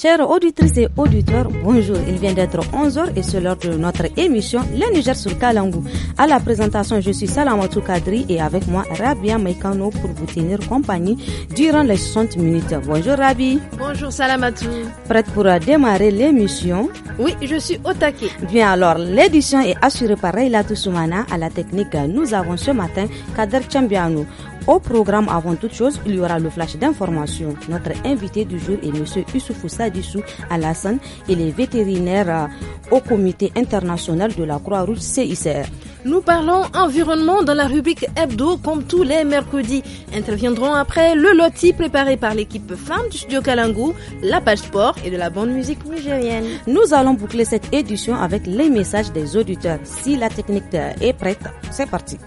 Chers auditrices et auditeurs, bonjour. Il vient d'être 11h et c'est l'heure de notre émission Le Niger sur Kalangou. À la présentation, je suis Salamatou Kadri et avec moi Rabia Mekano pour vous tenir compagnie durant les 60 minutes. Bonjour Rabi. Bonjour Salamatou. Prête pour démarrer l'émission Oui, je suis au taquet. Bien alors, l'édition est assurée par Reila Toussoumana à la technique. Nous avons ce matin Kader Chambiano. Au programme, avant toute chose, il y aura le flash d'information. Notre invité du jour est M. Youssoufou Sadissou Alassane. Il est vétérinaire euh, au Comité international de la Croix-Rouge CICR. Nous parlons environnement dans la rubrique hebdo comme tous les mercredis. Interviendront après le loti préparé par l'équipe femme du studio Kalangu, la page sport et de la bande musique nigérienne. Nous allons boucler cette édition avec les messages des auditeurs. Si la technique est prête, c'est parti.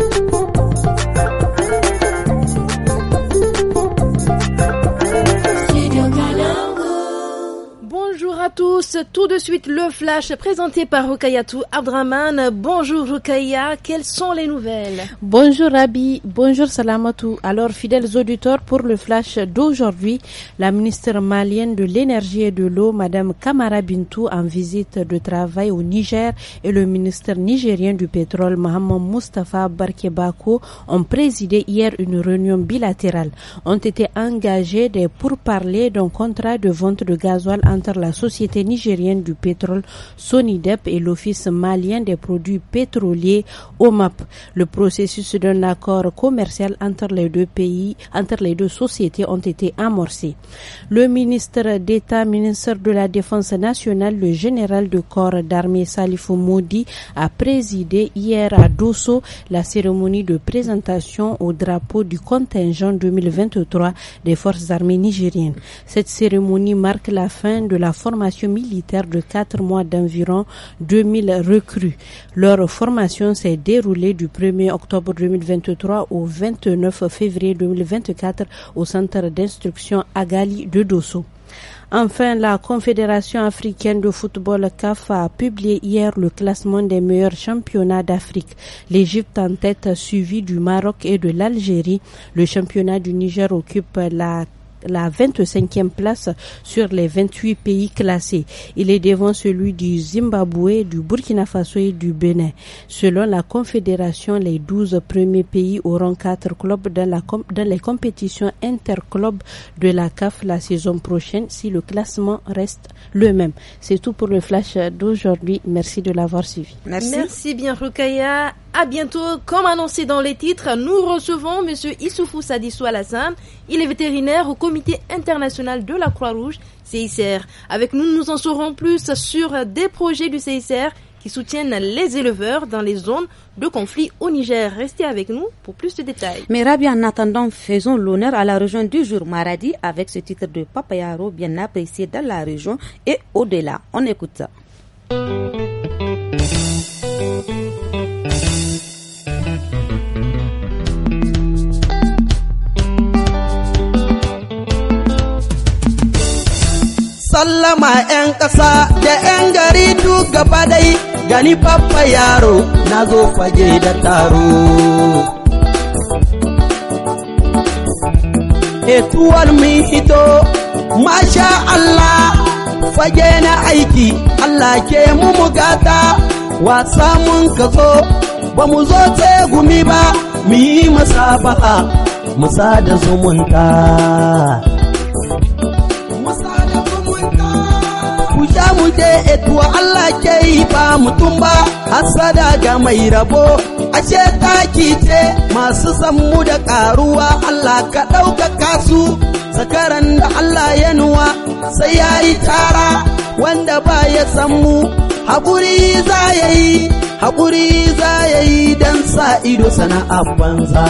Thank you. à tous, tout de suite le flash présenté par Rukayatou Abdraman. Bonjour Rukaya, quelles sont les nouvelles Bonjour Rabi, bonjour Salamatou. Alors fidèles auditeurs, pour le flash d'aujourd'hui, la ministre malienne de l'énergie et de l'eau, Madame Kamara Bintou, en visite de travail au Niger et le ministre nigérien du pétrole, Mohamed Mustafa Barkebako, ont présidé hier une réunion bilatérale. Ont été engagés pour parler d'un contrat de vente de gasoil entre la société Société nigérienne du pétrole SONIDEP et l'Office malien des produits pétroliers OMAP. Le processus d'un accord commercial entre les deux pays, entre les deux sociétés ont été amorcés. Le ministre d'État, ministre de la Défense nationale, le général de corps d'armée Salif Modi a présidé hier à Dosso la cérémonie de présentation au drapeau du contingent 2023 des forces armées nigériennes. Cette cérémonie marque la fin de la formation formation militaire de quatre mois d'environ 2000 recrues. Leur formation s'est déroulée du 1er octobre 2023 au 29 février 2024 au centre d'instruction Agali de Dosso. Enfin, la Confédération africaine de football CAF a publié hier le classement des meilleurs championnats d'Afrique. L'Égypte en tête suivie du Maroc et de l'Algérie. Le championnat du Niger occupe la la 25e place sur les 28 pays classés. Il est devant celui du Zimbabwe, du Burkina Faso et du Bénin. Selon la Confédération, les 12 premiers pays auront 4 clubs dans, la dans les compétitions interclubs de la CAF la saison prochaine si le classement reste le même. C'est tout pour le flash d'aujourd'hui. Merci de l'avoir suivi. Merci. Merci bien, Rukaya. À bientôt. Comme annoncé dans les titres, nous recevons M. Issoufou Sadissou Alassane. Il est vétérinaire au Comité international de la Croix-Rouge, CICR. Avec nous, nous en saurons plus sur des projets du CICR qui soutiennent les éleveurs dans les zones de conflit au Niger. Restez avec nous pour plus de détails. Mais Rabia, en attendant, faisons l'honneur à la région du jour Maradi avec ce titre de Papayaro bien apprécié dans la région et au-delà. On écoute ça. sallama 'yan ƙasa da 'yan gari duk gaba dai gani babba yaro na zo fage da taro. Etuwar min hito, masha Allah, fage na aiki, Allah ke mu bugata. wasa mun ka zo ba mu zo gumi ba mu yi musabaha musa da zumunta ku sha mu je etuwa eh, Allah ke yi ba mutum ba hasada ga mai rabo ashe taki ce masu sammu da karuwa Allah ka ɗaukaka su sakaran da Allah ya nuwa sai ya yi tara wanda ba ya sammu haƙuri za ya yi haƙuri za ya yi don sa ido sana'a banza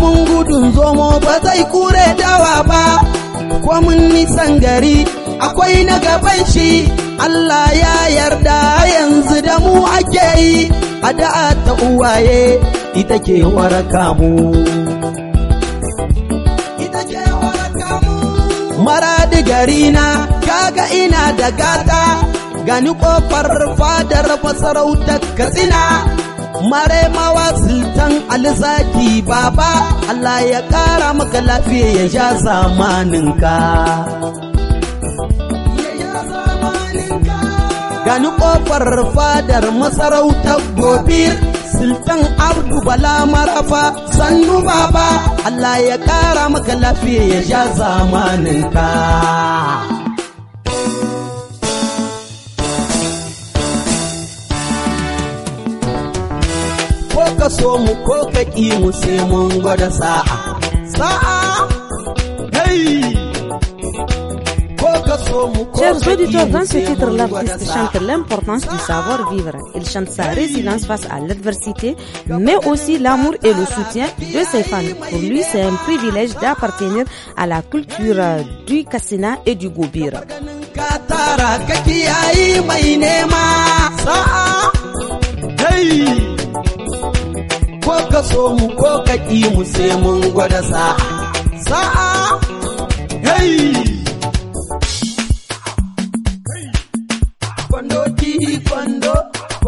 mun gudun zomo ba zai kure dawa ba ko nisan gari akwai na gaban shi Allah ya yarda yanzu da mu ake yi a da'a ta uwaye ita ke waraka mu. faɗi garina kaga ina da gata gani ƙofar fadar masarautar katsina mare mawa sultan alzaki baba Allah ya ƙara maka lafiya ya sha zamaninka gani ƙofar fadar masarautar gobir sultan abdu bala marafa sannu baba allah ya kara maka lafiya ya ja ka. ko ka so mu ko ka ki mu sai mun gwada sa'a sa'a hey! Chers auditeurs, dans ce titre, l'artiste chante l'importance du savoir-vivre. Il chante sa résilience face à l'adversité, mais aussi l'amour et le soutien de ses fans. Pour lui, c'est un privilège d'appartenir à la culture du Kassina et du Gobir.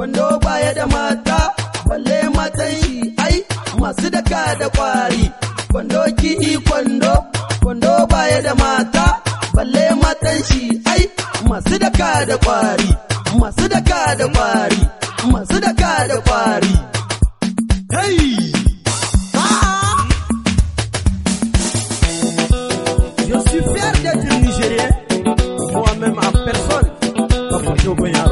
Kwando baya da mata, balle matan shi ai masu daka da kwari. Kwando ki kwando, kwando baya da mata, balle matan shi ai masu daka da kwari. Masu daka da kwari, masu daka da kwari. Hey! Ah! Je suis fier d'être Nigérien, moi-même en personne, Papa Joboyaro.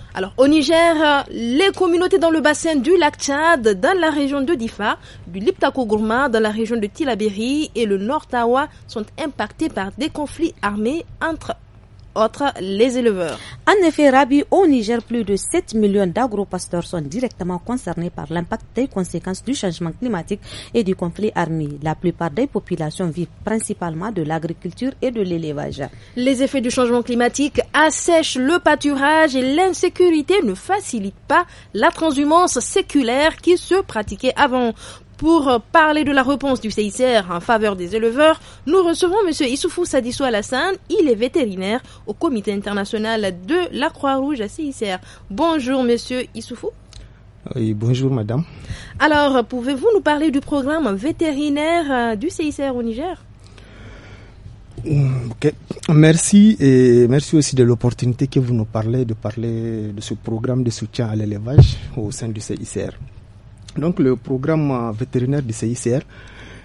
Alors, au Niger, les communautés dans le bassin du lac Tchad, dans la région de Difa, du Liptako-Gourma, dans la région de Tilaberi et le Nord Tawa sont impactées par des conflits armés entre en effet, Rabi, au Niger, plus de 7 millions dagro d'agropasteurs sont directement concernés par l'impact des conséquences du changement climatique et du conflit armé. La plupart des populations vivent principalement de l'agriculture et de l'élevage. Les effets du changement climatique assèchent le pâturage et l'insécurité ne facilite pas la transhumance séculaire qui se pratiquait avant. Pour euh, parler de la réponse du CICR en faveur des éleveurs, nous recevons M. Issoufou Sadisou Alassane. Il est vétérinaire au Comité international de la Croix-Rouge à CICR. Bonjour M. Issoufou. Oui, bonjour madame. Alors, pouvez-vous nous parler du programme vétérinaire euh, du CICR au Niger hum, Merci et merci aussi de l'opportunité que vous nous parlez de parler de ce programme de soutien à l'élevage au sein du CICR. Donc le programme euh, vétérinaire du CICR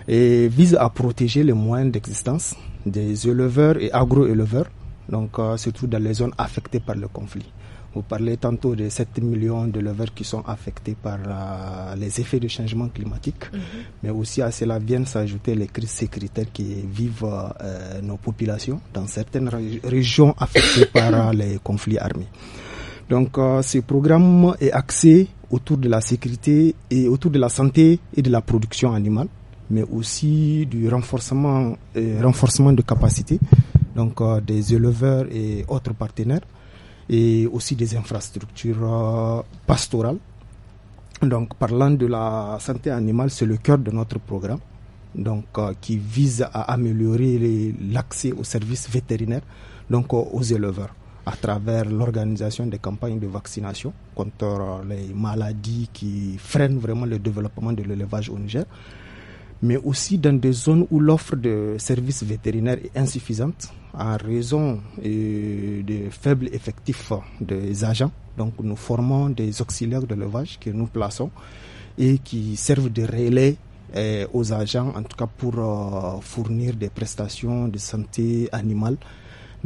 eh, vise à protéger les moyens d'existence des éleveurs et agro-éleveurs, donc euh, surtout dans les zones affectées par le conflit. Vous parlez tantôt de 7 millions d'éleveurs qui sont affectés par euh, les effets du changement climatique, mhm. mais aussi à cela viennent s'ajouter les crises sécuritaires qui vivent nos populations dans certaines régions affectées par les conflits armés. Donc ce programme est axé autour de la sécurité et autour de la santé et de la production animale, mais aussi du renforcement, euh, renforcement de capacités, donc euh, des éleveurs et autres partenaires, et aussi des infrastructures euh, pastorales. Donc, parlant de la santé animale, c'est le cœur de notre programme, donc qui vise à améliorer l'accès aux services vétérinaires, donc aux éleveurs à travers l'organisation des campagnes de vaccination contre les maladies qui freinent vraiment le développement de l'élevage au Niger, mais aussi dans des zones où l'offre de services vétérinaires est insuffisante en raison euh, des faibles effectifs des agents. Donc nous formons des auxiliaires de l'élevage que nous plaçons et qui servent de relais euh, aux agents, en tout cas pour euh, fournir des prestations de santé animale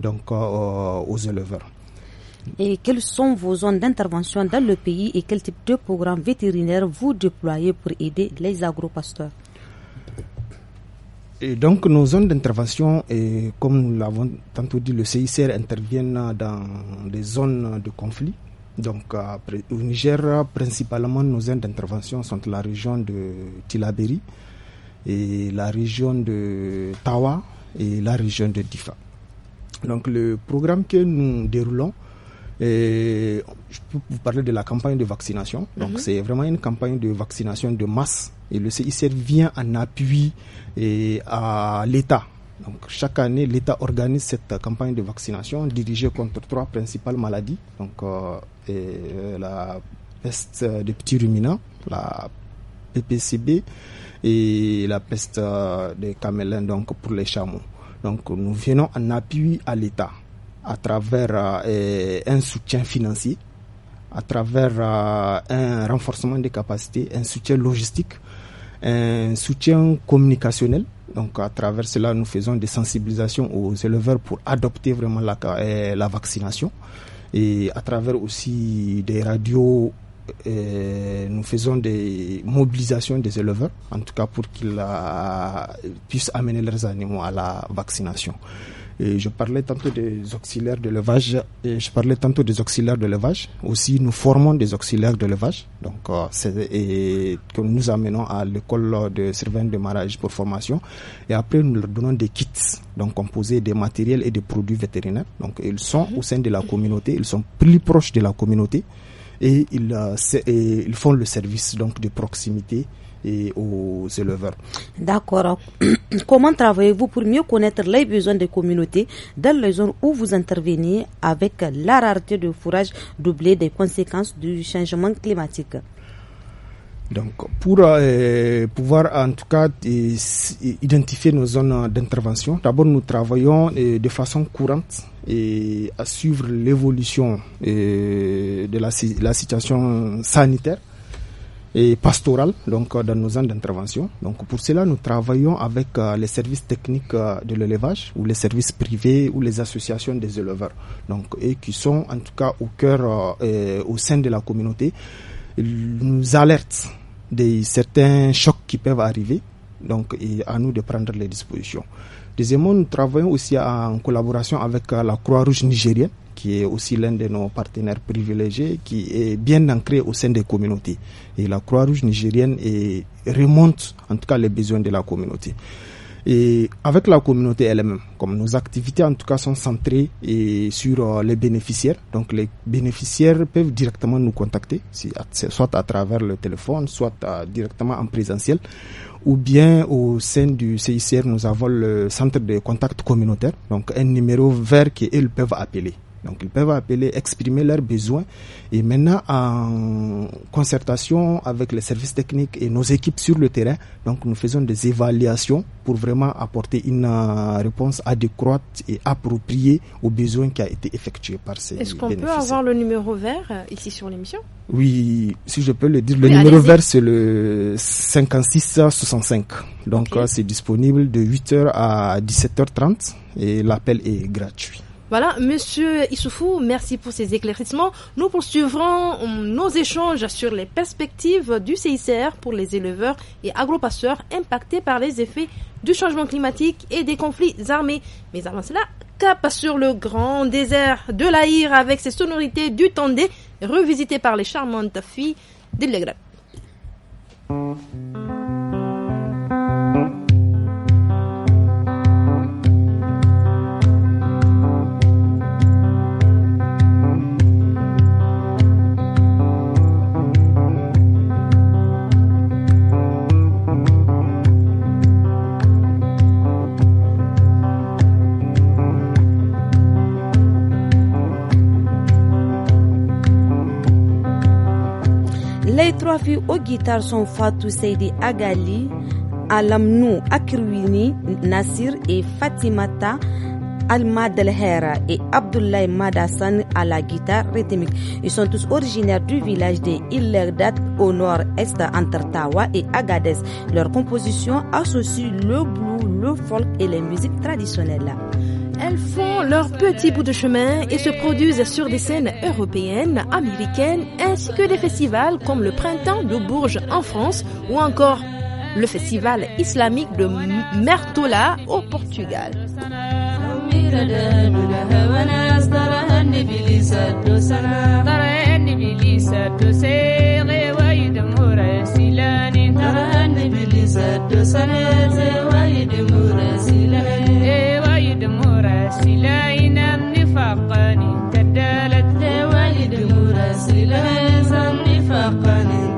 donc, euh, euh, aux éleveurs. Et quelles sont vos zones d'intervention dans le pays et quel type de programme vétérinaire vous déployez pour aider les agropasteurs et donc nos zones d'intervention, comme nous l'avons tantôt dit, le CICR intervient dans des zones de conflit. Donc euh, au Niger, principalement nos zones d'intervention sont la région de Tilaberi et la région de Tawa et la région de Difa. Donc le programme que nous déroulons, euh, je peux vous parler de la campagne de vaccination. Donc, mhm. c'est vraiment une campagne de vaccination de masse. Et le CICR e vient en appui euh, à l'État. Donc, chaque année, l'État organise cette campagne de vaccination dirigée contre trois principales maladies. Donc, euh, la peste des petits ruminants, la PPCB et la peste des camélins, donc pour les chameaux. Donc nous venons en appui à l'État à travers euh, un soutien financier, à travers euh, un renforcement des capacités, un soutien logistique, un soutien communicationnel. Donc à travers cela, nous faisons des sensibilisations aux éleveurs pour adopter vraiment la euh, vaccination et à travers aussi des radios nous faisons des mobilisations des éleveurs, en tout cas pour qu'ils euh, puissent amener leurs animaux à la vaccination. Et je parlais tantôt des auxiliaires de levage. je parlais tantôt des auxiliaires de levage. Aussi, nous formons des auxiliaires de levage. Donc, euh, que nous amenons à l'école de surveillance de marrage pour formation. Et après, nous leur donnons des kits, donc composés des matériels et des produits vétérinaires. Donc, ils sont au sein de la communauté. Ils sont plus proches de la communauté et ils, font le service donc de proximité et aux éleveurs. D'accord. Comment travaillez-vous pour mieux connaître les besoins des communautés dans les zones où vous intervenez avec la rareté de fourrage doublée des conséquences du changement climatique donc, pour euh, pouvoir en tout cas identifier nos zones d'intervention, d'abord nous travaillons euh, de façon courante et à suivre l'évolution de la, la, situation sanitaire et pastorale donc euh, dans nos zones d'intervention. Donc pour cela, nous travaillons avec euh, les services techniques euh, de l'élevage ou les services privés ou les associations des éleveurs. Donc et qui sont en tout cas au cœur euh, au sein de la communauté, Ils nous alertent des certains chocs qui peuvent arriver. Donc et à nous de prendre les dispositions. Deuxièmement, nous travaillons aussi en collaboration avec euh, la Croix-Rouge nigérienne qui est aussi l'un de nos partenaires privilégiés, qui est bien ancré au sein des communautés. Et la Croix-Rouge nigérienne remonte en tout cas les besoins de la communauté. Et avec la communauté elle-même, comme nos activités en tout cas sont centrées sur euh, les bénéficiaires, donc les bénéficiaires peuvent directement nous contacter, soit à travers le téléphone, soit euh, directement en présentiel ou bien au sein du CICR, nous avons le centre de contact communautaire, donc un numéro vert qu'ils peuvent appeler. Donc ils peuvent appeler, exprimer leurs besoins. Et maintenant, en concertation avec les services techniques et nos équipes sur le terrain, donc nous faisons des évaluations pour vraiment apporter une euh, réponse adéquate et appropriée aux besoins qui a été effectué par ces Est-ce qu'on peut avoir le numéro vert euh, ici sur l'émission Oui, si je peux le dire, le numéro vert c'est le 5665. Donc euh, c'est disponible de 8h à 17h30 et l'appel est gratuit. Voilà, Monsieur Issoufou, merci pour ces éclaircissements. Nous poursuivrons nos échanges sur les perspectives du CICR pour les éleveurs et agropasseurs impactés par les effets du changement climatique et des conflits armés. Mais avant cela, cap sur le grand désert de l'Aïr avec ses sonorités du Tendé, revisitées par les charmantes filles d'Illegra. profils aux guitares sont Fatou Seydi Agali, Alamnou Akirwini Nasir et Fatimata al et Abdoulaye Madassan à la guitare rythmique. Ils sont tous originaires du village de Illerdat au nord-est entre Tawa et Agadez. Leur composition associe le blues, le folk et les musiques traditionnelles elles font leur petit bout de chemin et se produisent sur des scènes européennes, américaines, ainsi que des festivals comme le Printemps de Bourges en France ou encore le Festival islamique de Mertola au Portugal. النفاقان تدالت ذوالد مراسلين النفاقان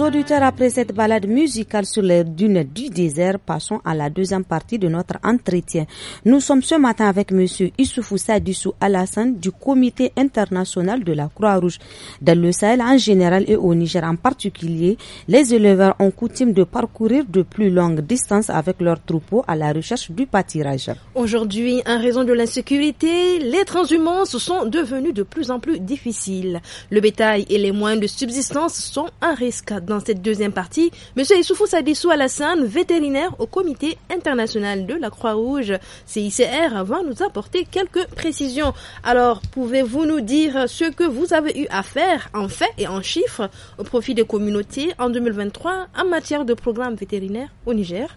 auditeurs, après cette balade musicale sur les dunes du désert, passons à la deuxième partie de notre entretien. Nous sommes ce matin avec Monsieur Issoufou Sadissou Alassane du Comité international de la Croix-Rouge. Dans le Sahel en général et au Niger en particulier, les éleveurs ont coutume de parcourir de plus longues distances avec leurs troupeaux à la recherche du pâtirage. Aujourd'hui, en raison de l'insécurité, les transhumances sont devenues de plus en plus difficiles. Le bétail et les moyens de subsistance sont un risque. Dans cette deuxième partie, Monsieur Issoufou Sadissou Alassane vétérinaire au Comité international de la Croix-Rouge CICR va nous apporter quelques précisions. Alors, pouvez-vous nous dire ce que vous avez eu à faire en fait et en chiffres au profit des communautés en 2023 en matière de programme vétérinaire au Niger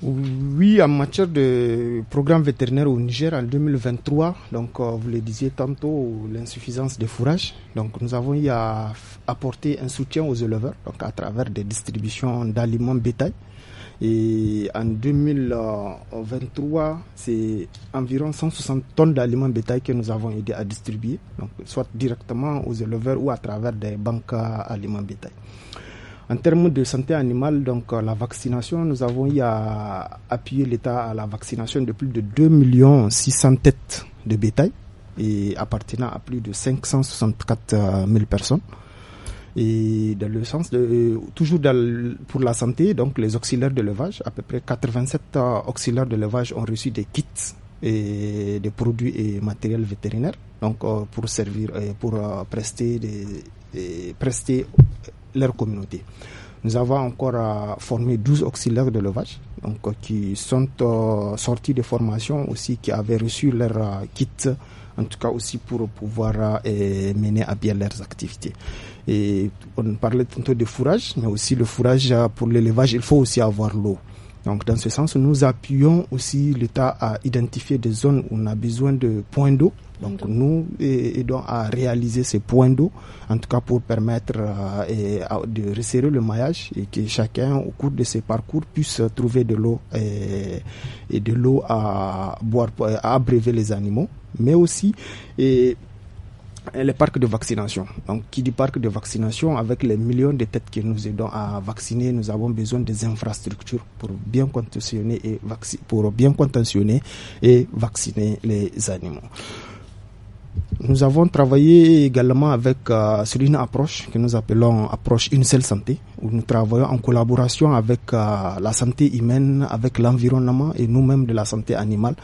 oui, en matière de programme vétérinaire au Niger en 2023, donc euh, vous le disiez tantôt, l'insuffisance des fourrages. Donc nous avons eu à apporter un soutien aux éleveurs donc à travers des distributions d'aliments bétail. Et en 2023, c'est environ 160 tonnes d'aliments bétail que nous avons aidé à distribuer, donc soit directement aux éleveurs ou à travers des banques aliments bétail. En termes de santé animale, donc euh, la vaccination, nous avons eu à l'État à la vaccination de plus de 2 millions 600 têtes de bétail et appartenant à plus de 564 000 euh, personnes et dans le sens de toujours pour la santé, donc les auxiliaires de levage, à peu près 87 euh, auxiliaires de levage ont reçu des kits et des produits et matériels vétérinaires, donc euh, pour servir euh, pour prester des, leur communauté. Nous avons encore formé 12 auxiliaires de levage donc, qui sont sortis de formation aussi, qui avaient reçu leur kit en tout cas aussi pour pouvoir euh, mener à bien leurs activités. Et on parlait tantôt de fourrage, mais aussi le fourrage pour l'élevage, il faut aussi avoir l'eau. Donc dans ce sens, nous appuyons aussi l'État à identifier des zones où on a besoin de points d'eau donc nous aidons à réaliser ces points d'eau, en tout cas pour permettre euh, de resserrer le maillage et que chacun au cours de ses parcours puisse trouver de l'eau et, de l'eau à boire, à abréver les animaux, mais aussi les parcs de vaccination. Donc, qui dit parc de vaccination, avec les millions de têtes que nous aidons à vacciner, nous avons besoin des infrastructures pour bien contentionner et, pour bien contentionner et vacciner les animaux. Nous avons travaillé également avec euh, sur une approche que nous appelons approche une seule santé, où nous travaillons en collaboration avec euh, la santé humaine, avec l'environnement et nous-mêmes de la santé animale.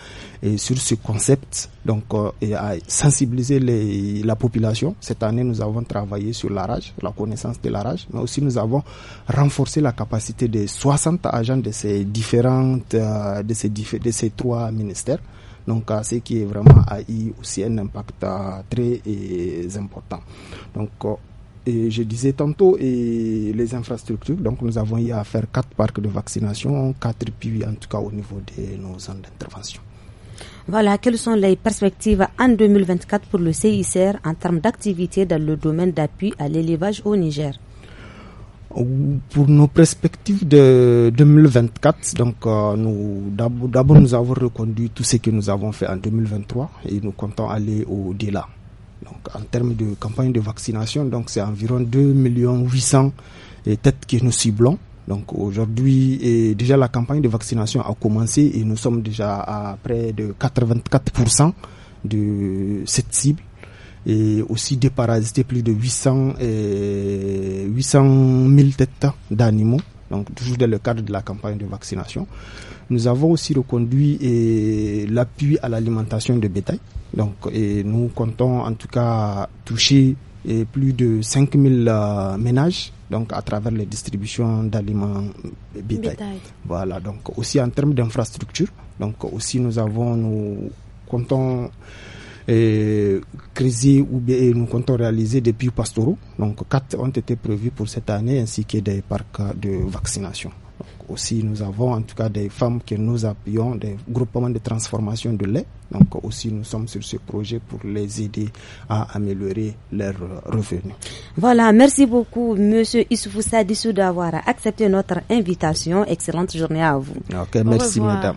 Et sur ce concept, donc, euh, et à sensibiliser les, la population. Cette année, nous avons travaillé sur la rage, la connaissance de la rage, mais aussi nous avons renforcé la capacité de 60 agents de ces différentes, de ces, de ces trois ministères donc, euh, ce qui est vraiment a eu aussi un impact euh, très euh, important. Donc, je disais tantôt, les infrastructures, donc nous avons eu à faire quatre parcs de vaccination, quatre puits en tout cas au niveau de nos zones d'intervention. Voilà, quelles sont les perspectives en 2024 pour le CICR en termes d'activité dans le domaine d'appui à l'élevage au Niger pour nos perspectives de 2024, donc euh, nous d'abord nous avons reconduit tout ce que nous avons fait en 2023 et nous comptons aller au-delà. Donc en termes de campagne de vaccination, donc c'est environ 2 millions 800 têtes que nous ciblons. Donc aujourd'hui, déjà la campagne de vaccination a commencé et nous sommes déjà à près de 84% de cette cible et aussi déparasiter plus de 800, et 800 000 têtes d'animaux, donc toujours dans le cadre de la campagne de vaccination. Nous avons aussi reconduit euh, l'appui à l'alimentation de bétail. Donc, et nous comptons en tout cas toucher euh, plus de 5000 euh, ménages donc à travers les distributions d'aliments bétail. Voilà, donc aussi en termes d'infrastructure, donc aussi nous avons, nous comptons et ou bien nous comptons réaliser des puits pastoraux. Donc quatre ont été prévus pour cette année ainsi que des parcs de vaccination. Donc, aussi nous avons en tout cas des femmes que nous appuyons, des groupements de transformation de lait. Donc aussi nous sommes sur ce projet pour les aider à améliorer leurs revenus. Voilà, merci beaucoup Monsieur Issoufou Sadissou d'avoir accepté notre invitation. Excellente journée à vous. Ok, merci Madame.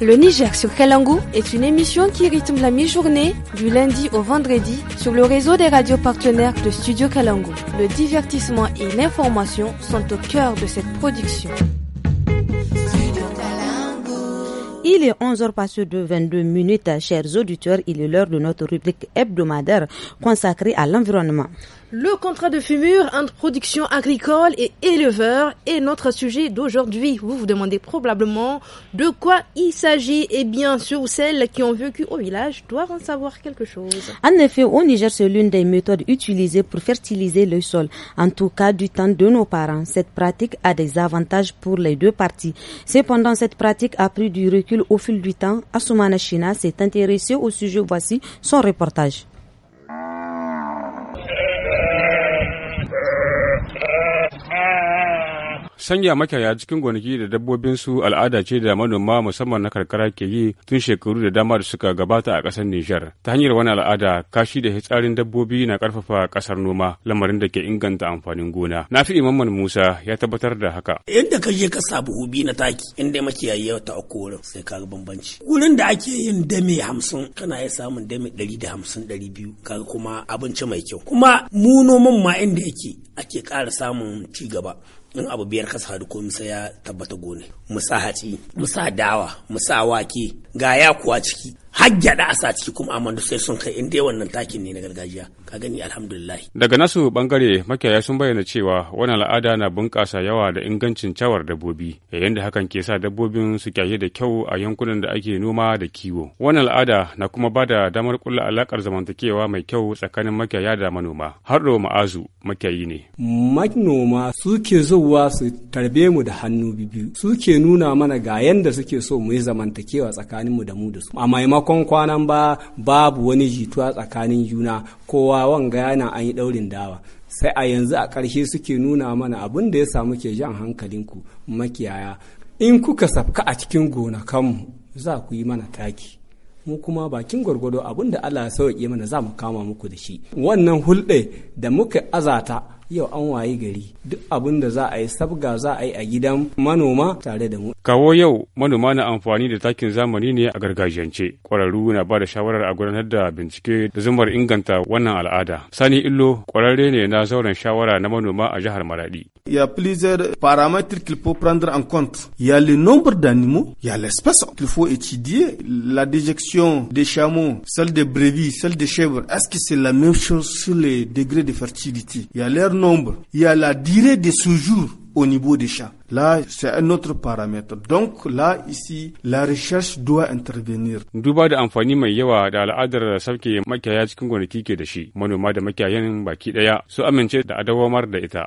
Le Niger sur Kalangu est une émission qui rythme la mi-journée du lundi au vendredi sur le réseau des radios partenaires de Studio Kalangu. Le divertissement et l'information sont au cœur de cette production. Il est 11h passé de 22 minutes, chers auditeurs. Il est l'heure de notre rubrique hebdomadaire consacrée à l'environnement. Le contrat de fumure entre production agricole et éleveur est notre sujet d'aujourd'hui. Vous vous demandez probablement de quoi il s'agit. Et eh bien sûr, celles qui ont vécu au village doivent en savoir quelque chose. En effet, au Niger, c'est l'une des méthodes utilisées pour fertiliser le sol. En tout cas, du temps de nos parents, cette pratique a des avantages pour les deux parties. Cependant, cette pratique a pris du recul au fil du temps. Asumana China s'est intéressée au sujet. Voici son reportage. Sanya makiyaya cikin gonaki da dabbobinsu al'ada ce da manoma musamman na karkara ke yi tun shekaru da dama da suka gabata a kasar Nijar. Ta hanyar wani al'ada kashi da hitsarin dabbobi na karfafa kasar noma lamarin da ke inganta amfanin gona. Na fi Imamman Musa ya tabbatar da haka. inda ka je ka sa buhu biyu na taki inda makiyaya ta uku wurin sai ka ga bambanci. Wurin da ake yin dame hamsin kana iya samun dame ɗari da hamsin ɗari biyu kaga kuma abinci mai kyau. Kuma mu noman ma inda yake ake ƙara samun ci gaba in abu biyar ka sadu komi sai ya tabbata gone Musa hatsi musa dawa Musa wake ga ya kuwa ciki hajjada a sati kuma amadu sai sun kai inda wannan takin ne na gargajiya ka gani alhamdulillah daga nasu bangare makiyaya sun bayyana cewa wannan al'ada na bunƙasa yawa da ingancin cawar dabbobi yayin da hakan ke sa dabbobin su kyaye da kyau a yankunan da ake noma da kiwo wannan al'ada na kuma ba da damar kulla alakar zamantakewa mai kyau tsakanin makiyaya da manoma harro ma'azu makiyayi ne manoma suke zuwa su tarbe mu da hannu biyu suke nuna mana ga yanda suke so mu yi zamantakewa tsakaninmu da mu da su amma sakamakon kwanan ba babu wani jituwa tsakanin juna kowa wanga yana an yi daurin dawa sai a yanzu a ƙarshe suke nuna mana abin da ya samu ke jan hankalinku makiyaya in kuka safka a cikin gonakanmu za ku yi mana taki mu kuma bakin gwargwado abin da Allah ya sauke mana za mu kama muku da shi wannan hulɗe da muka azata yau an wayi gari duk abin da za a yi sabga za a yi a gidan manoma tare da mu. Kawo yau manoma na amfani da takin zamani ne a gargajiyance. Kwararru na ba da shawarar a gudanar da bincike da zumar inganta wannan al'ada. Sani Illo kwararre ne na zauren shawara na manoma a jihar Maradi. Il y a qu'il faut prendre en compte. ya y a le nombre d'animaux, ya y a l'espèce qu'il faut étudier, la déjection des chameaux, celle des brebis, celle des chèvres. Est-ce que c'est la même chose sur les degrés de fertilité? y nombre, il y a la durée de séjour au niveau des chats. Là, c'est un autre paramètre. Donc là, ici, la recherche doit intervenir. Duba da amfani mai yawa da al'adar sauke makiyaya cikin gonaki ke da shi, manoma da makiyayan baki daya su amince da adawamar da ita.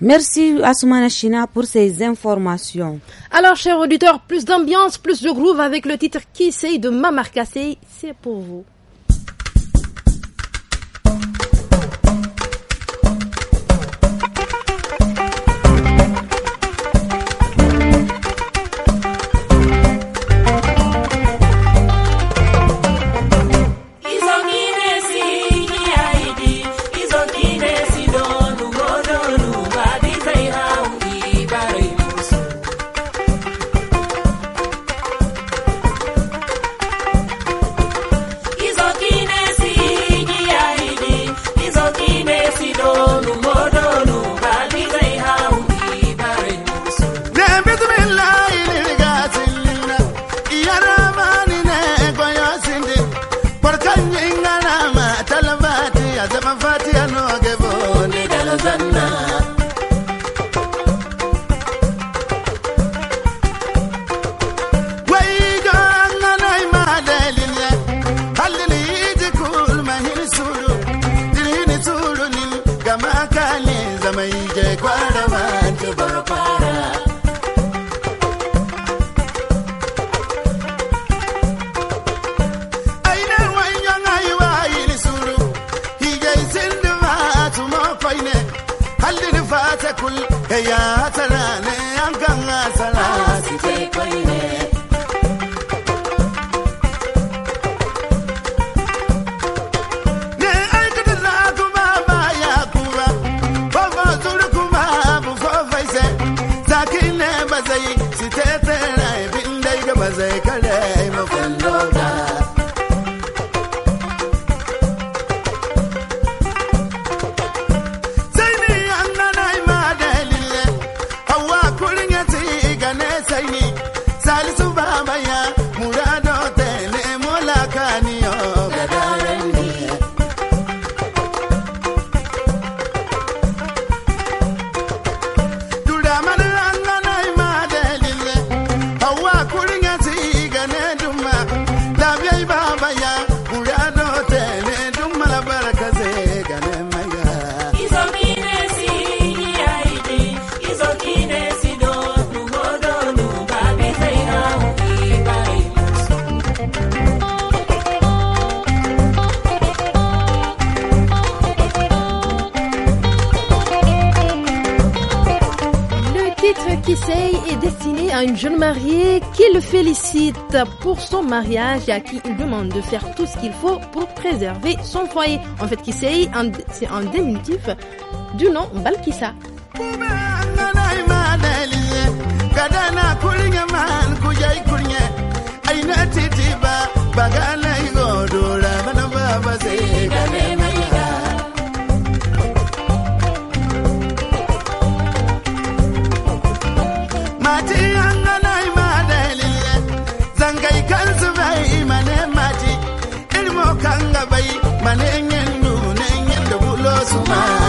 Merci Asumana China pour ces informations. Alors, chers auditeurs, plus d'ambiance, plus de groove avec le titre Qui de Mamarcassé, c'est pour vous. une jeune mariée qui le félicite pour son mariage et à qui il demande de faire tout ce qu'il faut pour préserver son foyer. En fait, Kisei, c'est un diminutif du nom Balkissa. mati zangai kansu bai mane mati kanga bai mane ngendu ngendu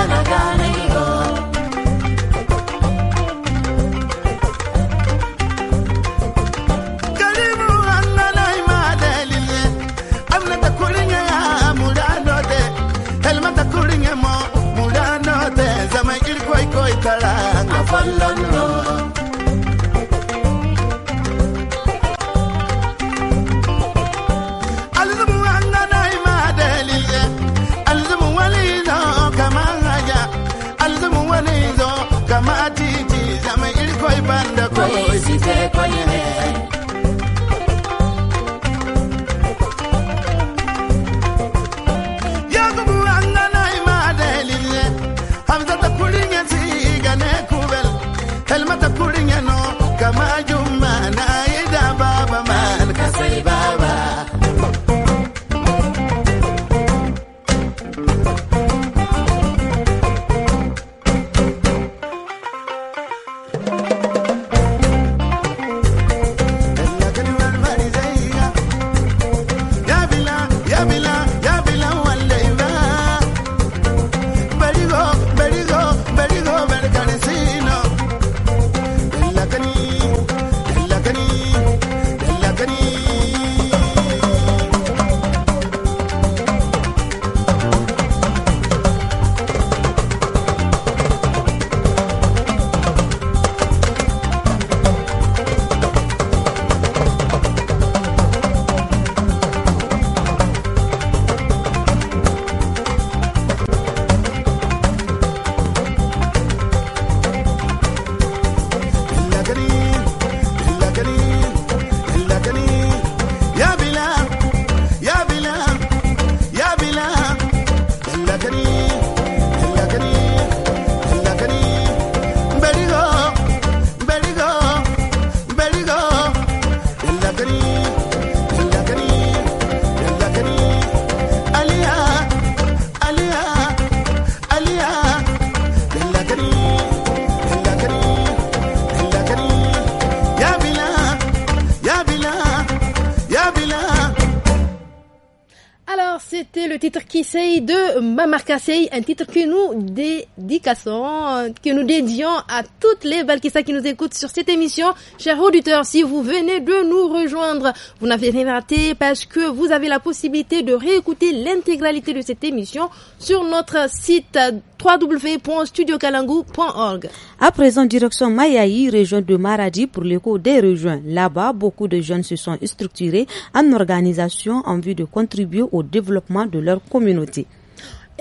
un titre que nous dédicassons, euh, que nous dédions à toutes les Balkissa qui nous écoutent sur cette émission. Chers auditeurs, si vous venez de nous rejoindre, vous n'avez rien raté parce que vous avez la possibilité de réécouter l'intégralité de cette émission sur notre site www.studiocalangu.org. À présent, direction Mayaï, région de Maradi, pour l'écho des régions. Là-bas, beaucoup de jeunes se sont structurés en organisation en vue de contribuer au développement de leur communauté.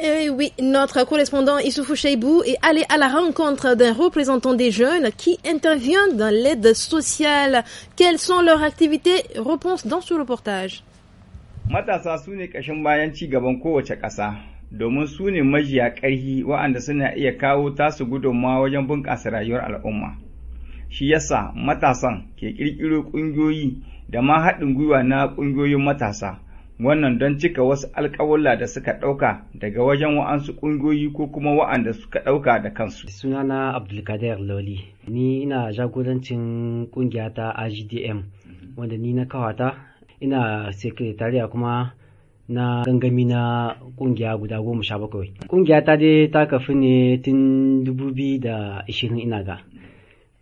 Eh oui, notre correspondant Issoufou Cheibou est allé à la rencontre d'un représentant des jeunes qui intervient dans l'aide sociale. Quelles sont leurs activités Réponse dans ce reportage. Matasa sune kashin gabonko bayan ci gaban kowace ƙasa, domin su ne majiya ƙarfi wa'anda suna iya kawo tasu gudunmawa wajen bunƙasa rayuwar al'umma. Shi yasa matasan matasa wannan don cika wasu alƙawalla da suka ɗauka daga wajen wa'ansu ƙungiyoyi ko kuma wa'anda suka ɗauka da kansu. Sunana Abdulkadir Loli, ni ina jagorancin ƙungiya ta AGDM wanda ni na kawata ina sekretariya kuma na gangami na ƙungiya guda goma sha bakwai. Ƙungiya ta dai ta kafi ne tun dubu biyu da ashirin ina ga.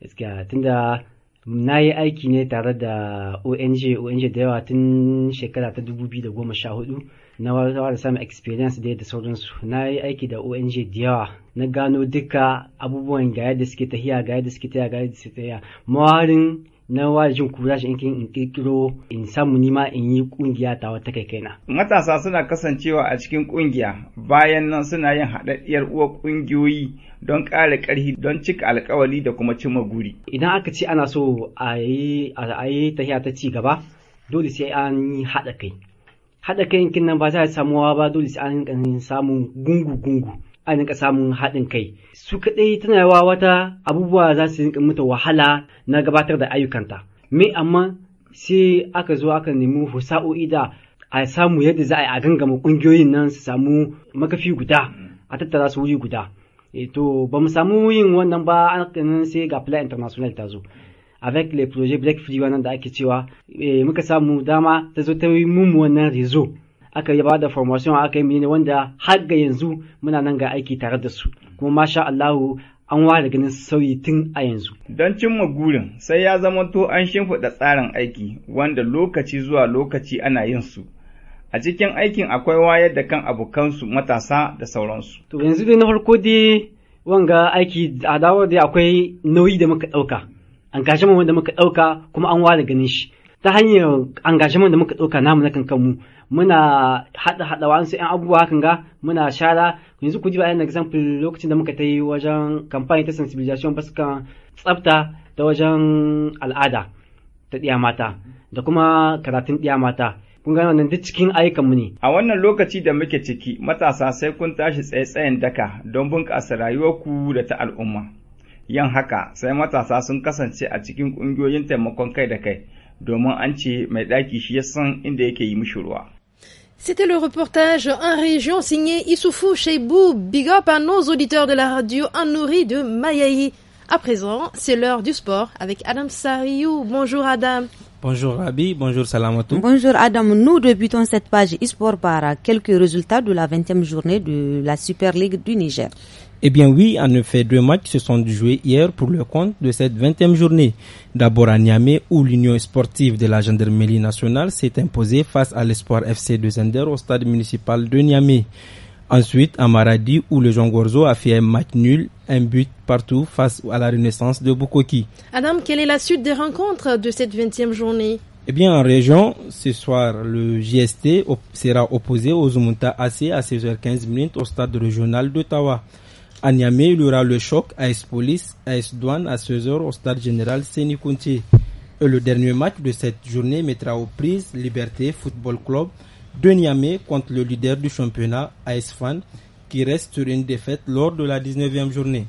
Gaskiya tunda na yi aiki ne tare da ong ong da yawa tun shekara ta goma sha 2014 na wata da samun experience da da sauransu na yi aiki da ong da yawa na gano duka abubuwan ga yadda suke tahiya ga yadda suke tahiya ga yadda suke tahiya mawarin na wajin jin za shi in kirkiro in samu nima in yi kungiya ta wata kai kaina. Matasa suna kasancewa a cikin kungiya bayan nan suna yin haɗaɗɗiyar uwa kungiyoyi don ƙara ƙarfi don cika alƙawari da kuma cimma guri. Idan aka ce ana so a yi tafiya ta ci gaba dole sai an yi haɗa kai. Haɗa kai yankin nan ba za a samuwa ba dole sai an samun gungu-gungu. a rinka samun haɗin kai su kaɗai tana yawa wata abubuwa za su rinka mata wahala na gabatar da ayyukanta me amma sai aka zo aka nemi husa'o'i da a samu yadda za a yi a gangama ƙungiyoyin nan su samu makafi guda a tattara su wuri guda eh, to ba mu samu yin wannan ba an sai ga fila international ta zo avec le projet black free wannan da ake cewa eh, muka samu dama ta zo ta yi mummu wannan rezo aka yi da formation aka yi mini wanda har ga yanzu muna nan ga aiki tare da su kuma masha Allahu an ware ganin sauyi tun a yanzu. Don cimma gurin sai ya zama to an shimfiɗa tsarin aiki wanda lokaci zuwa lokaci ana yin su. A cikin aikin akwai wayar da kan abokansu matasa da sauransu. To yanzu dai na farko dai wanga aiki a dawo dai akwai nauyi da muka ɗauka. An kashe wanda muka ɗauka kuma an ware ganin shi. ta hanyar engagement da muka ɗauka namu na kankanmu muna haɗa haɗa wa'ansu 'yan abubuwa hakan ga muna shara yanzu ku ji bayan example lokacin da muka ta yi wajen kamfani ta sensibilisation kan tsafta ta wajen al'ada ta ɗiya mata da kuma karatun ɗiya mata kun gano nan duk cikin ayyukanmu ne. A wannan lokaci da muke ciki matasa sai kun tashi tsaye-tsayen daka don bunƙasa rayuwarku da ta al'umma. yan haka sai matasa sun kasance a cikin ƙungiyoyin taimakon kai da kai C'était le reportage en région signé Issoufou Cheibou, big up à nos auditeurs de la radio en de Mayaï. À présent, c'est l'heure du sport avec Adam Sariou. Bonjour Adam. Bonjour Rabi, bonjour Salamatou. Bonjour Adam, nous débutons cette page e-sport par quelques résultats de la 20e journée de la Super League du Niger. Eh bien oui, en effet, deux matchs se sont joués hier pour le compte de cette 20e journée. D'abord à Niamey, où l'Union sportive de la gendarmerie nationale s'est imposée face à l'Espoir FC de Zender au stade municipal de Niamey. Ensuite, à Maradi, où le Jean Gorzo a fait un match nul, un but partout face à la Renaissance de Bukoki. Adam, quelle est la suite des rencontres de cette 20e journée eh bien, en région, ce soir, le JST sera opposé aux Zumunta AC à 16h15 au stade régional d'Ottawa. À Niamey, il y aura le choc AS Police, AS Douane à 16h au stade général Et Le dernier match de cette journée mettra aux prises Liberté Football Club de Niamey contre le leader du championnat, AS Fan, qui reste sur une défaite lors de la 19e journée.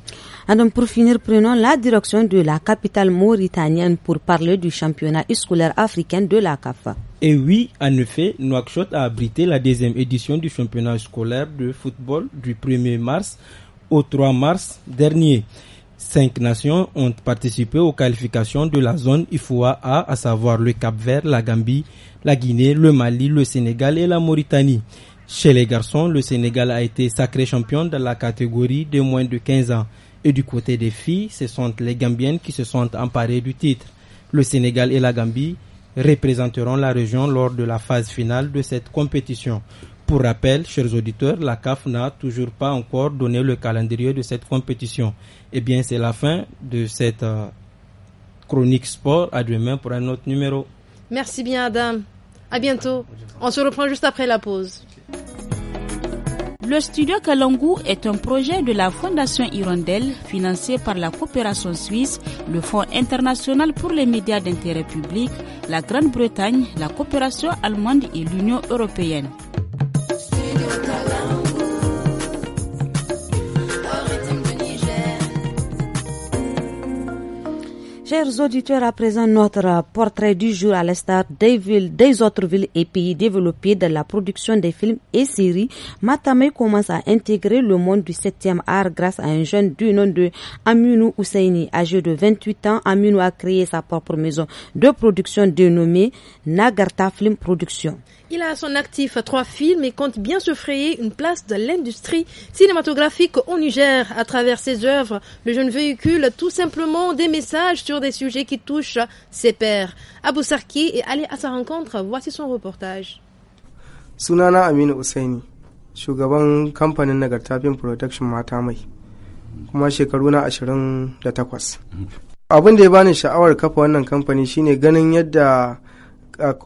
Ah, pour finir, prenons la direction de la capitale mauritanienne pour parler du championnat scolaire africain de la CAFA. Et oui, en effet, Nouakchott a abrité la deuxième édition du championnat scolaire de football du 1er mars au 3 mars dernier. Cinq nations ont participé aux qualifications de la zone IFOA A, à savoir le Cap-Vert, la Gambie, la Guinée, le Mali, le Sénégal et la Mauritanie. Chez les garçons, le Sénégal a été sacré champion dans la catégorie de moins de 15 ans. Et du côté des filles, ce sont les Gambiennes qui se sont emparées du titre. Le Sénégal et la Gambie représenteront la région lors de la phase finale de cette compétition. Pour rappel, chers auditeurs, la CAF n'a toujours pas encore donné le calendrier de cette compétition. Eh bien, c'est la fin de cette euh, chronique sport. À demain pour un autre numéro. Merci bien, Adam. À bientôt. On se reprend juste après la pause. Le studio Kalangu est un projet de la Fondation Hirondelle financé par la coopération suisse, le Fonds international pour les médias d'intérêt public, la Grande-Bretagne, la coopération allemande et l'Union européenne. Chers auditeurs, à présent, notre portrait du jour à l'instar des villes, des autres villes et pays développés dans la production des films et séries, Matame commence à intégrer le monde du septième art grâce à un jeune du nom de Aminu Husseini, Âgé de 28 ans, Aminu a créé sa propre maison de production dénommée Nagarta Film Production. Il a à son actif trois films et compte bien se frayer une place dans l'industrie cinématographique au Niger à travers ses œuvres. Le jeune véhicule tout simplement des messages sur des sujets qui touchent ses pairs. Abou Sarki est allé à sa rencontre. Voici son reportage. Sunana Aminu Usaini, shugaban kamfanin Nagarta Film Protection Mata Mai, kuma shekaru na 28. Mhm. Abin da ya bani sha'awar kafa wannan kamfani shine ganin yadda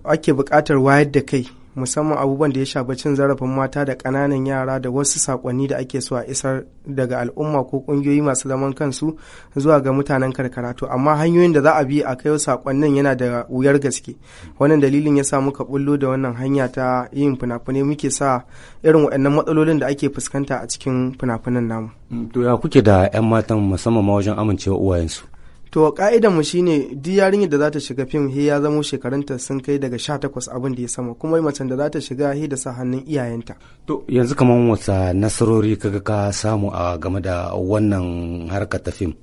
ake bukatar wayar da kai musamman abubuwan da ya shafi cin zarafin mata da kananan yara da wasu sakonni da ake so a isar daga al'umma ko ƙungiyoyi masu zaman kansu zuwa ga mutanen karkara to amma hanyoyin da za a bi a kai sakonnin yana da wuyar gaske wannan dalilin ya sa muka bullo da wannan hanya ta yin fina-finai muke sa irin waɗannan matsalolin da ake fuskanta a cikin fina-finan namu. to ya kuke da 'yan matan musamman ma wajen amincewa uwayensu. to ka'idan mu shine duk yarinyar da za ta shiga fim he ya zamo shekarunta sun kai daga sha takwas abin da ya sama kuma macen da za ta shiga he da sa hannun iyayenta to yanzu kaman wata nasarori kaga ka samu a game da wannan harkar ta fim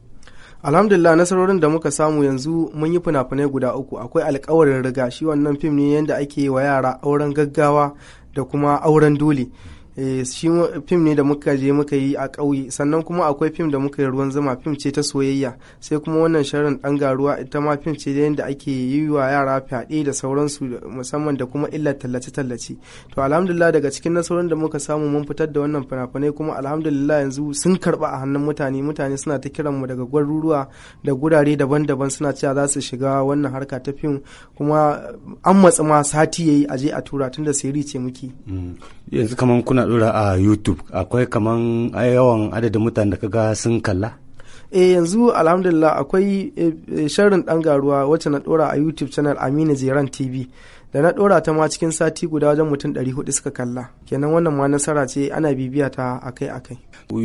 alhamdulillah nasarorin da muka samu yanzu mun yi fina-finai guda uku akwai alkawarin riga shi wannan fim ne yadda ake wa yara auren gaggawa da kuma auren dole Eh, shi fim ne da muka je muka yi a ƙauye sannan kuma akwai fim da muka yi ruwan zama fim ce ta soyayya sai kuma wannan sharin ɗan garuwa ita ma fim ce da yadda ake yi wa yara fyaɗe da sauransu musamman da kuma illa tallace-tallace to alhamdulillah daga cikin nasarorin da muka samu mun fitar da wannan fina-finai kuma alhamdulillah yanzu sun karɓa a hannun mutane mutane suna ta kiran mu daga gwaruruwa da gurare daban-daban suna cewa za su shiga wannan harka ta fim kuma an matsa ma sati yayi aje a tura tunda sai ce muke mm. yanzu kamar kuna dora a youtube akwai kaman yawan adadin mutane da kaga sun kalla e yanzu alhamdulillah akwai eh, sharrin dan garuwa wacce na dora a youtube channel amina zeran tv da na dora ta ma cikin sati guda wajen mutum 400 suka kalla kenan wannan ma nasara ce ana bibiya ta akai akai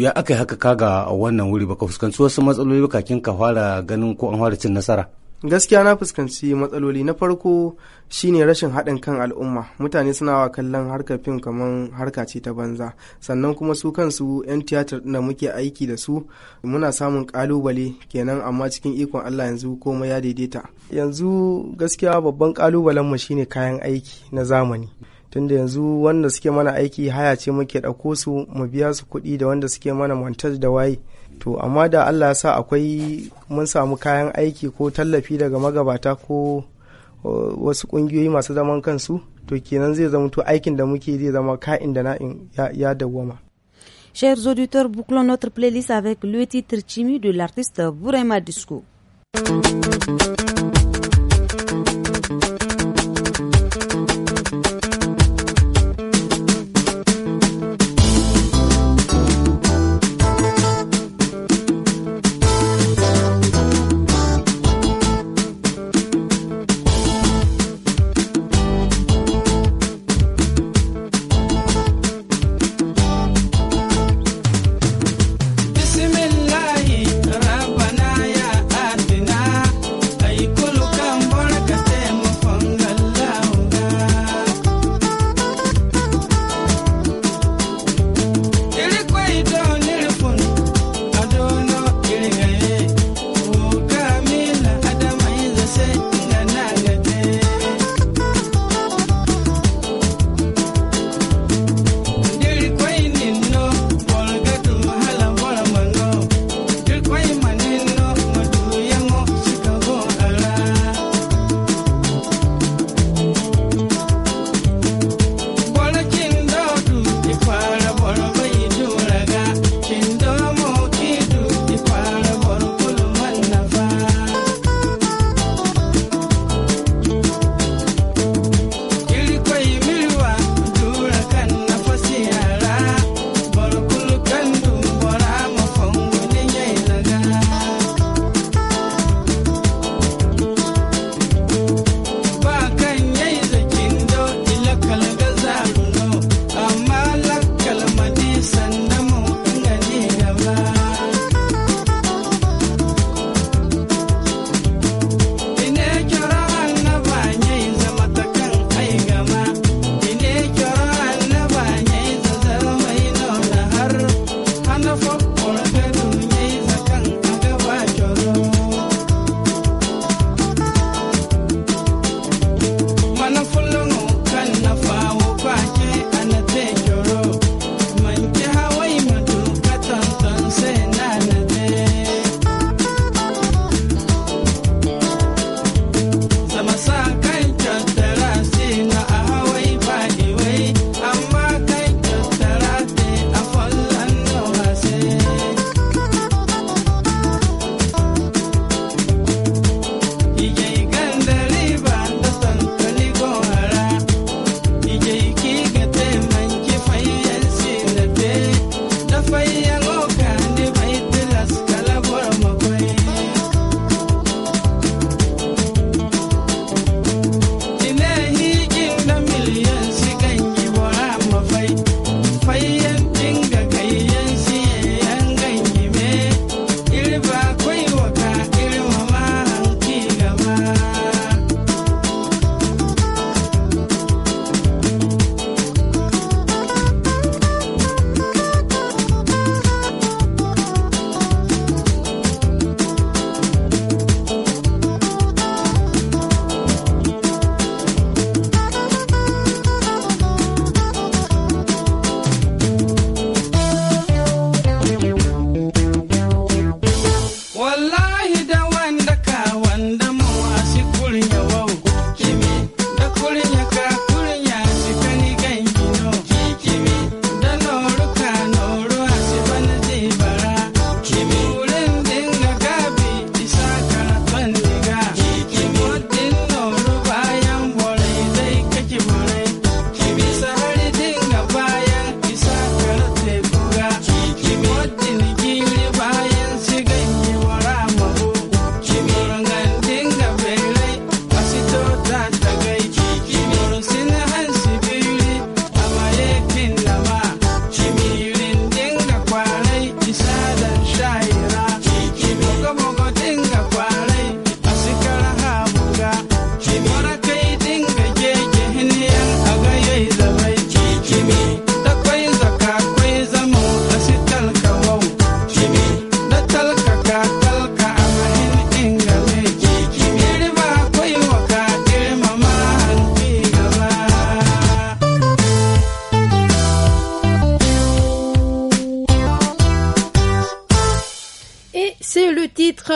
ya akai haka kaga wannan wuri baka fuskanci wasu matsaloli baka kin ka fara ganin ko an fara cin nasara gaskiya na fuskanci matsaloli na farko shine rashin haɗin kan al'umma mutane suna wa kallon harkar fim kamar harka ce ta banza sannan kuma su kansu 'yan tiyatar da muke aiki da su muna samun kalubale kenan amma cikin ikon allah yanzu komai ya daidaita yanzu gaskiya babban kalubalen mu shine kayan aiki na zamani tunda yanzu wanda suke mana aiki haya ce muke ɗauko su mu biya su kuɗi da wanda suke mana montage da waye to amma da allah ya sa akwai mun samu kayan aiki ko tallafi daga magabata ko wasu kungiyoyi masu zaman kansu to kenan zai zama to aikin da muke zai zama ka'in da na'in ya dawwama Chers auditeurs, bouclons notre playlist avec le titre Chimi de l'artiste Burema Disco.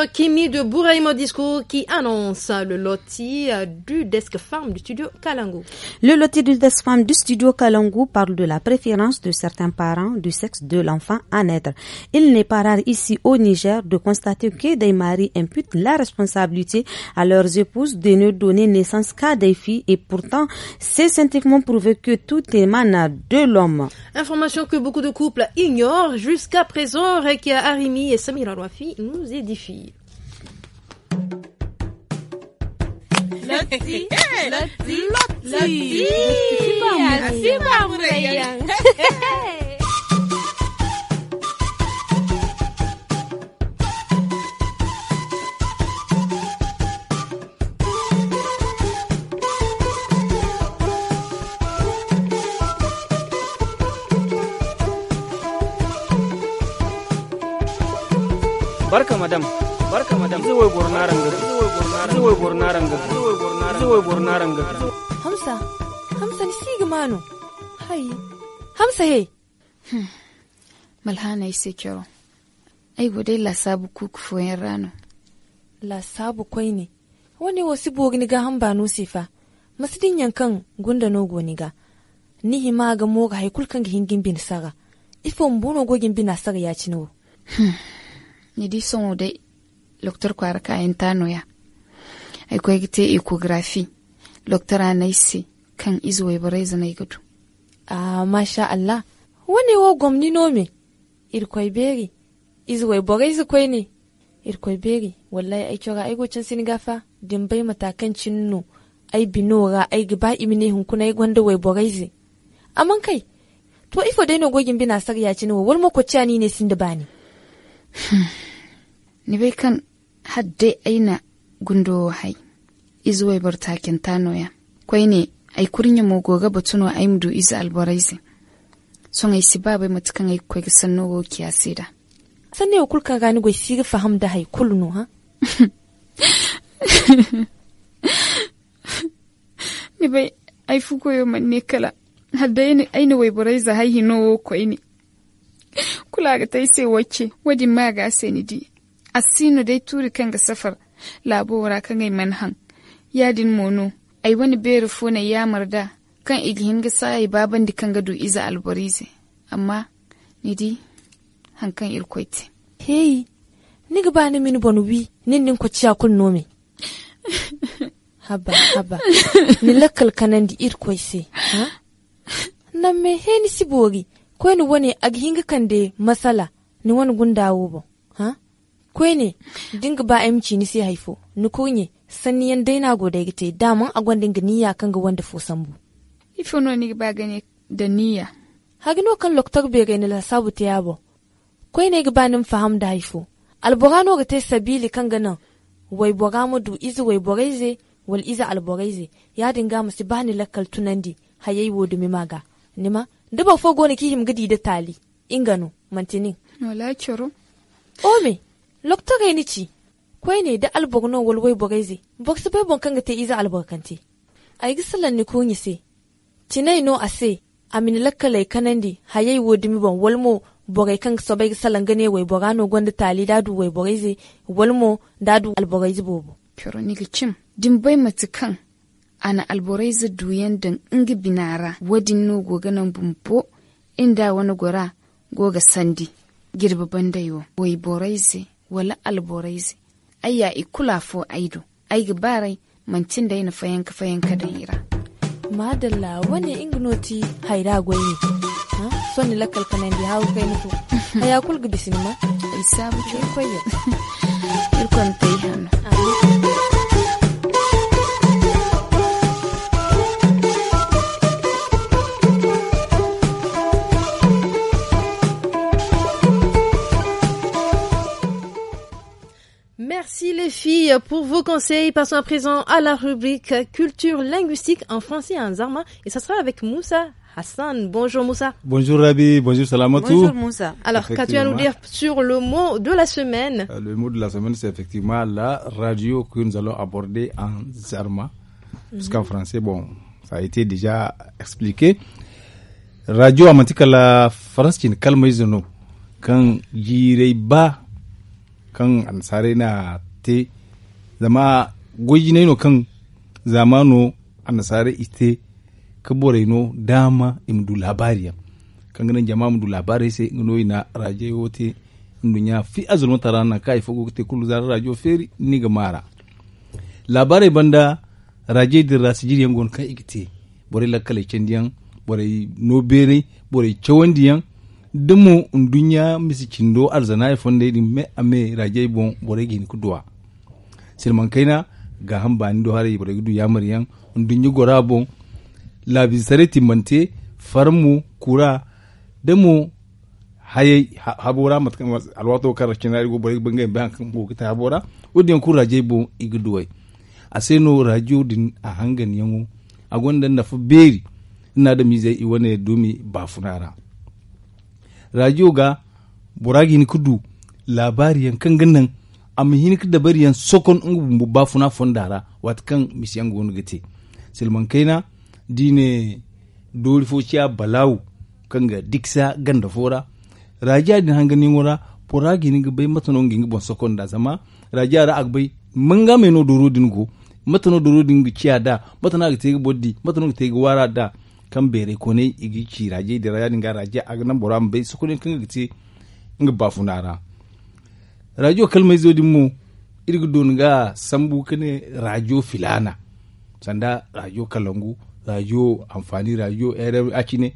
être timide mon discours qui annonce euh, le loti du Desk Femme du studio Kalango. Le loti du Desk Femme du studio Kalango parle de la préférence de certains parents du sexe de l'enfant à naître. Il n'est pas rare ici au Niger de constater que des maris imputent la responsabilité à leurs épouses de ne donner naissance qu'à des filles et pourtant c'est scientifiquement prouvé que tout émane de l'homme. Information que beaucoup de couples ignorent jusqu'à présent, Rekia Arimi et Samira Rouafi nous édifient. Lotsi, lotsi, lotsi, lotsi, lotsi, Barka madam. barka madam zuwai gurnaran gaji zuwai gurnaran gaji zuwai gurnaran gaji hamsa hamsa ni sigi mano hai hamsa he hmm. malhana ise kiro ai gode la sabu kuku foyen rano la sabu koi ne wani wasu bogni ga hamba no sifa masidin yankan gunda no goniga ni hima ga moga haikulkan ga hingin bin saga ifo mbuno gogin bin saga ya cinowo hmm. ni di son dai loktor kwara kayan tanoya akwai gite ecography loktora anaisi kan izo ibarai zanai gudu a ah, masha Allah wani wa gwamni nome irkwai beri izo ibarai su kwai ne irkwai beri wallahi aiki kyora aigocin gocin sin gafa matakan cinno ai binora ai gaba imine hunkuna ai gwanda wai borai zai amman kai to ifo dai no gogin bina sarya cinu wal mako ni ne sin da bani hmm. ni bai kan hadde aina gundowahay izuwai bartaken tanoya kwaine ai kurinya mogoga batuno aimdu iza alboraisi son ai sibabai matukan ai kwai sannogo kiyasida sanne kulka gani gwai siga faham da hai kulnu ha ni bai ai fuko yo manne kala hadda ni aina wai boraiza hai hinowo kwaine kula ga taise wacce wadin ma ga asinu dai turi kanga safar kan gai manhan yadin mono ai wani beru fona ya marda kan igihin ga sai baban di kanga du iza alborize amma ni di hankan irkoite hey ni ga bani min bonu wi nin nin ko ciya kun nome haba haba ni lakkal kanan di irkoise ha nan me he ni sibori ko ni wani agihin ga kan de masala ni wani gundawo bo ha kwene dinga ba emci ni sai haifo ni kunye sanni yan dai na ga gite daman a gwandin ga niyya kan ga wanda fosan bu ifo no ni ba gane da niyya hagino kan loktar be gane la sabu te yabo kwene ga banin faham da haifo alborano ga te sabili kan ga nan wai boga du izi wai boraize wal iza alboraize ya dinga musu bani lakkal tunandi hayai wodu mi maga nima duba fo gona ki gidi da tali ingano mantinin wala choro ome ga ni ci kwai ne da albog non walwai bogaize bok su bon kanga te iza albarkante ay gisalan ni kunyi se tinai no ase amin lakkalai kanandi hayai wodimi bon walmo bogai kan so bai salan gane wai bogano gonda tali dadu wai bogaize walmo dadu alboraize bobo pironigi cim dimbai matukan ana alboraize duyan dan ingi binara wadin no goganan bumbo inda wani gora goga sandi girbi bandayo wai boraize wala alboraisi ayya ikula fo aido ai barai mancin da yana fayanka fayanka da ira madalla wani ingnoti haira gwai ne sonni lakal kanan da hawo kai mutu haya kulga bisinima isabu ce koyo irkon tai hannu Merci les filles pour vos conseils. Passons à présent à la rubrique culture linguistique en français et en zarma. Et ça sera avec Moussa Hassan. Bonjour Moussa. Bonjour Rabi, bonjour Salamatou. Bonjour Moussa. Alors, qu'as-tu à nous dire sur le mot de la semaine euh, Le mot de la semaine, c'est effectivement la radio que nous allons aborder en zarma. Parce qu'en mhm. français, bon, ça a été déjà expliqué. Radio La France qui ne calme Kan bas. kan ansare na te zama goji na kan zamano ansare ite kabore no dama imdu ya kan ganan jama imdu labari sai ngano ina raje wote nya fi azulma tarana kai fogo te kulu zara rajo feri ni gamara labari banda raje dir rasijiri yangon kai ikite bore la kale cendiyan bore no bere bore cewandiyan demo dunya misi cindo arzana ifon da yidi me ame raje bon boregi ni kudwa silman kaina ga hamba ni yi hare boregi du yamariyan dunya gora bon la bisareti mante farmu kura demo haye habora matkan alwato kar cinari go boregi bangai bank kan kita habora udi ku raje bon igduwai aseno rajo din a hangan yango agonda da fu beri na da zai i wane domi ba funara radio ga buragi ni kudu labari yan kan gannan am hini kida bari yan sokon ungu ba funa fondara wat kan misiyan gonu gite silman kaina dine dori fo ciya balawu kan ga diksa ganda fora raja din hangani ngora poragi ni bai matano ngi bon sokon da zama raja ra agbai manga meno doro din go matano doro din ciya da matana ga tege boddi matano ga tege wara da kan bere kone igi ci raje da raja dinga raje a nan boram bai su kudin kan gite inga ba funara rajo kalmai zo dimmo irgu don ga sambu kane rajo filana sanda rajo kalangu rajo amfani rajo erem acine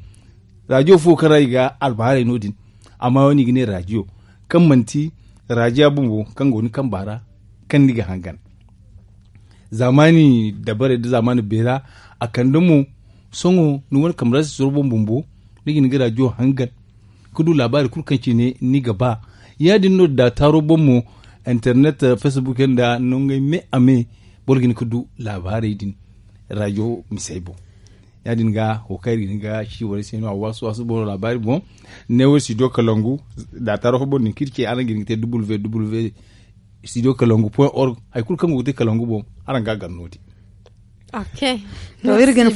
radio fo karai ga albahare nodin amma wani gine rajo kan manti raja bumbo kan goni kan bara kan diga hangan zamani da bare da zamani bera a kandunmu songo ni wani kamar su sorbon bumbu nigi nigira jo hangal kudu labari kun kanci ne ni gaba ya dinno da taro bommo internet eh, facebook da nonga me ame bolgin kudu labari din radio misaibo ya din ga hokari ni ga shi wani sai no wasu wasu bon labari bon ne wo si do kalongu da taro bon ni kirke anan gin te www studio kalongu.org ay kul kan wote kalongu bon aran ga gannoti Ok. Merci.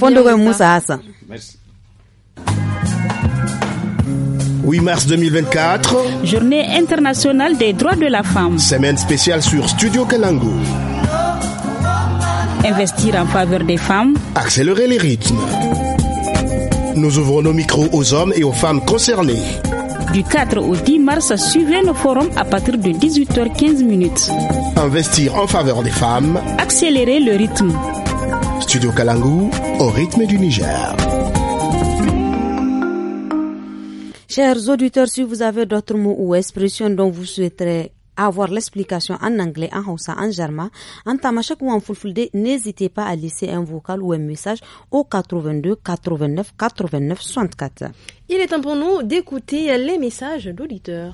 8 mars 2024. Journée internationale des droits de la femme. Semaine spéciale sur Studio Kalango. Investir en faveur des femmes. Accélérer les rythmes. Nous ouvrons nos micros aux hommes et aux femmes concernées Du 4 au 10 mars, suivez nos forums à partir de 18h15 minutes. Investir en faveur des femmes. Accélérer le rythme. Studio Kalangu au rythme du Niger. Chers auditeurs, si vous avez d'autres mots ou expressions dont vous souhaiterez avoir l'explication en anglais, en hausa, en germain, en tamashek ou en fulfulde, n'hésitez pas à laisser un vocal ou un message au 82 89 89 64. Il est temps pour nous d'écouter les messages d'auditeurs.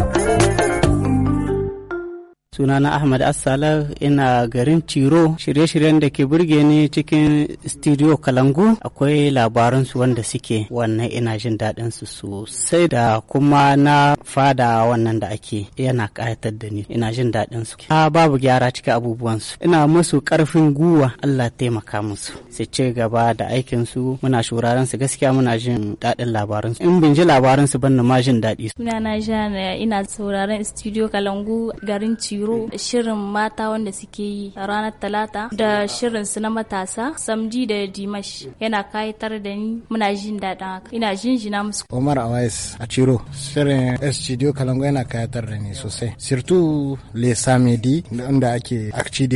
sunana ahmad assala ina garin ciro shirye-shiryen da ke burge ni cikin studio kalangu akwai labaransu wanda suke wannan ina jin daɗin su sosai da kuma na fada wannan da ake yana ƙayatar da ni ina jin daɗin su a babu gyara cikin abubuwan su ina musu ƙarfin guwa allah taimaka musu su ci gaba da aikin su muna shuraren su gaskiya muna jin daɗin labaran in bin ji labaran su ban ma jin daɗi sunana jana ina sauraron studio kalangu garin ciro Zero shirin mata wanda suke yi ranar Talata da shirin su na matasa Samji da Dimash yana kayatar da ni muna jin daɗin haka ina jinjina musu. Omar Awais a Ciro shirin Studio Kalango yana kayatar da ni sosai. surtout les Samedi inda ake Akci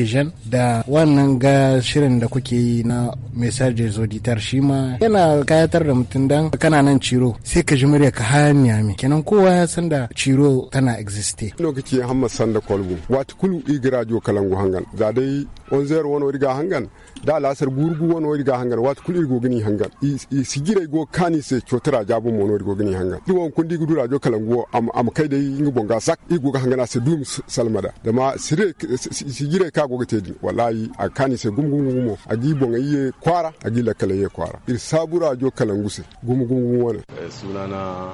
da wannan ga shirin da kuke yi na Message Zoditar shi ma yana kayatar da mutum dan kana nan Ciro sai ka ji murya ka hanya kenan kowa ya san da Ciro tana existe. Lokaci Hamad Sanda Kolbu waati kulu i garajo kalangu hangan zadei onzer wano riga hangan da lasar gurgu wani wani ga hangar wata kuli irgo gini hangar sigira go kani se chotara jabu wani irgo gini hangar diwon kundi gudura jo kalanguo am am kai dai ingi bonga sak irgo ga hangar se dum salmada da ma sire sigira ka go gete wallahi a kani se gum gum gumo gi bonga iye kwara gi lakale iye kwara ir sabura jo kalanguse gum gum gum wona eh, sunana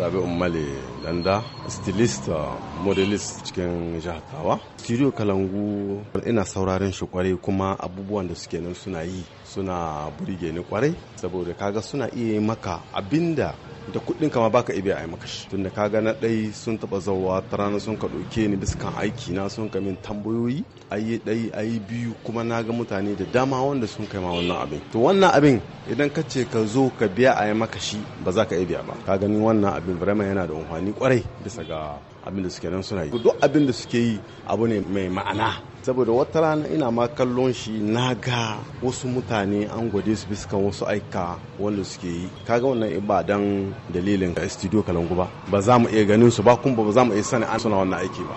rabi Umale landa stylist uh, modelist cikin jihar tawa studio kalangu ina sauraren shi kwarai kuma abubuwan abubuwan da suke nan suna yi suna burge ni kwarai saboda kaga suna iya yi maka abinda da kuɗin kama baka ibe a yi maka shi tunda kaga na ɗai sun taɓa zauwa ta rana sun ka ɗauke ni biskan aiki na sun ka min tambayoyi ayi ɗai ayi biyu kuma na ga mutane da dama wanda sun kai ma wannan abin to wannan abin idan ka ce ka zo ka biya a yi maka shi ba za ka iya biya ba kaga ni wannan abin birama yana da amfani kwarai bisa ga abin da suke nan suna yi duk abin da suke yi abu ne mai ma'ana saboda wata rana ina ma kallon shi na ga wasu mutane an gwade su biskan wasu aika wanda suke yi kaga wannan ibadan dalilin studio kalangu ba ba za mu iya ganin su ba kuma ba za mu iya sani an suna wannan aiki ba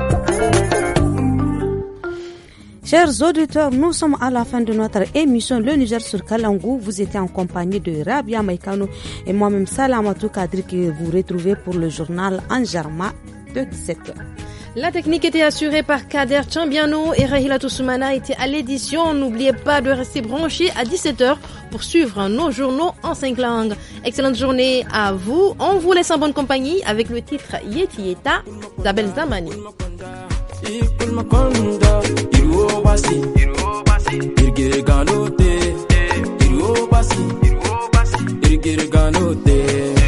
Chers auditeurs, nous sommes à la fin de notre émission Le Niger sur Kalangou. Vous étiez en compagnie de Rabia Maikano et moi-même Salamatou Kadri que vous retrouvez pour le journal Anjarma de 17h. La technique était assurée par Kader Chambiano et Rahila Toussoumana était à l'édition. N'oubliez pas de rester branché à 17h pour suivre nos journaux en cinq langues. Excellente journée à vous. On vous laisse en bonne compagnie avec le titre Yeti d'Abel Zamani. ikul makonda iru obasi iru obasi irgere ganote iru obasi iru ganote